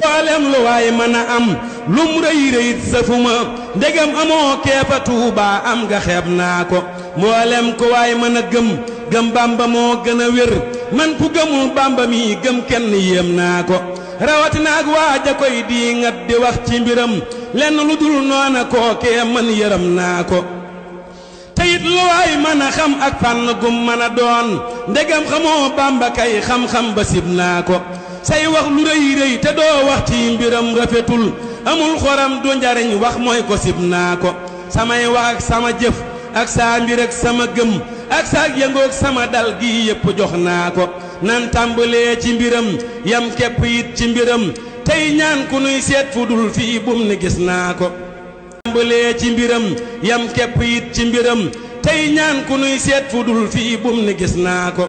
mboolem lu waay mën a am lum rëy rëyit safuma ndegam amoo keefa tuuba am nga xeeb naa ko mboolem ku waay mën a gëm gëm bamba moo gën a wér man ku gëmul bamba mi gëm kenn yéem naa ko rawatina ak waaja koy dii ngat di wax ci mbiram lenn lu dul noona kookee man yërëm naa ko te it lu waay mën a xam ak fànn gum mën a doon ndegam xamoo bamba kay xam-xam ba sib naa ko say wax lu rëy rëy te doo wax ci mbiram rafetul amul xoram du njariñ wax mooy ko sib naa ko samay wax ak sama jëf ak saa mbir ak sama gëm ak saa yëngoog sama dal gi yépp jox naa ko nan tàmbalee ci mbiram yam képp yit ci mbiram tey ñaan ku nuy seet fu dul fii bum ni gis naa ko tàmbalee ci mbiram yam képp yit ci mbiram tey ñaan ku nuy seet fu dul fii bum ni gis naa ko